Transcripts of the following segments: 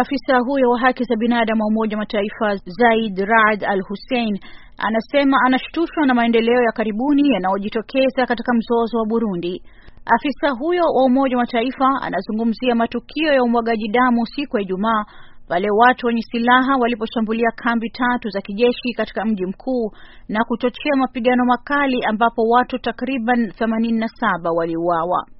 Afisa huyo wa haki za binadamu wa Umoja wa Mataifa Zaid Raad Al Hussein anasema anashtushwa na maendeleo ya karibuni yanayojitokeza katika mzozo wa Burundi. Afisa huyo wa Umoja wa Mataifa anazungumzia matukio ya umwagaji damu siku ya Ijumaa pale watu wenye silaha waliposhambulia kambi tatu za kijeshi katika mji mkuu na kuchochea mapigano makali ambapo watu takriban 87 waliuawa.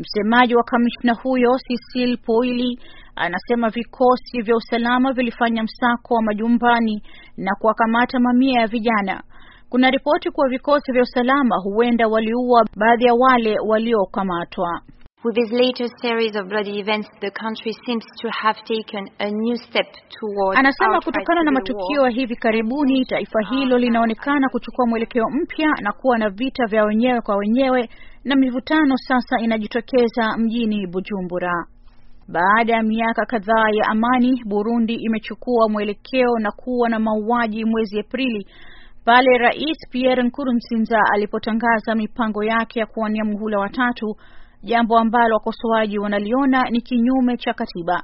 Msemaji wa kamishna huyo Cecil Poili anasema vikosi vya usalama vilifanya msako wa majumbani na kuwakamata mamia ya vijana. Kuna ripoti kuwa vikosi vya usalama huenda waliua baadhi ya wale waliokamatwa. With this latest series of bloody events, the country seems to have taken a new step toward. Anasema kutokana na matukio ya hivi karibuni, taifa hilo ah, linaonekana ah, ah. kuchukua mwelekeo mpya na kuwa na vita vya wenyewe kwa wenyewe na mivutano sasa inajitokeza mjini Bujumbura. Baada ya miaka kadhaa ya amani, Burundi imechukua mwelekeo na kuwa na mauaji mwezi Aprili pale Rais Pierre Nkurunziza alipotangaza mipango yake ya kuwania muhula watatu jambo ambalo wakosoaji wanaliona ni kinyume cha katiba.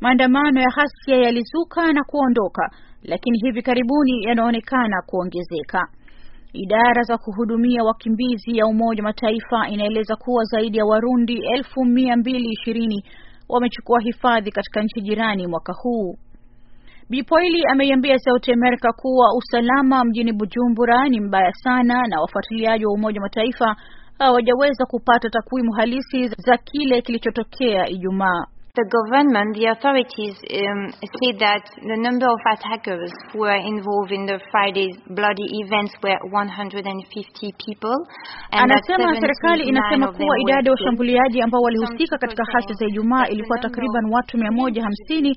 Maandamano ya ghasia yalizuka na kuondoka, lakini hivi karibuni yanaonekana kuongezeka. Idara za kuhudumia wakimbizi ya Umoja wa Mataifa inaeleza kuwa zaidi ya Warundi elfu mia mbili ishirini wamechukua hifadhi katika nchi jirani mwaka huu. Bipoili ameiambia Sauti Amerika kuwa usalama mjini Bujumbura ni mbaya sana na wafuatiliaji wa Umoja wa Mataifa Ah, hawajaweza kupata takwimu halisi za kile kilichotokea Ijumaa. The government, the authorities um, said that the number of attackers who were involved in the Friday's bloody events were 150 people. And anasema serikali inasema kuwa idadi ya washambuliaji ambao walihusika katika ghasia za Ijumaa ilikuwa takriban watu 150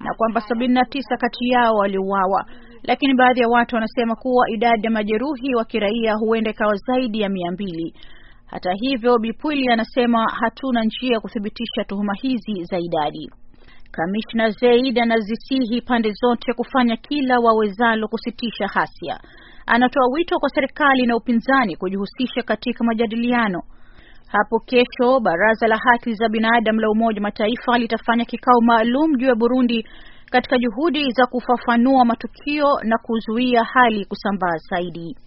na kwamba 79 kati yao waliuawa, lakini baadhi ya watu wanasema kuwa idadi ya majeruhi wa kiraia huenda ikawa zaidi ya 200. Hata hivyo, Bipwili anasema hatuna njia ya kuthibitisha tuhuma hizi za idadi. Kamishna Zaid anazisihi pande zote kufanya kila wawezalo kusitisha hasia. Anatoa wito kwa serikali na upinzani kujihusisha katika majadiliano. Hapo kesho Baraza la Haki za Binadamu la Umoja wa Mataifa litafanya kikao maalum juu ya Burundi katika juhudi za kufafanua matukio na kuzuia hali kusambaa zaidi.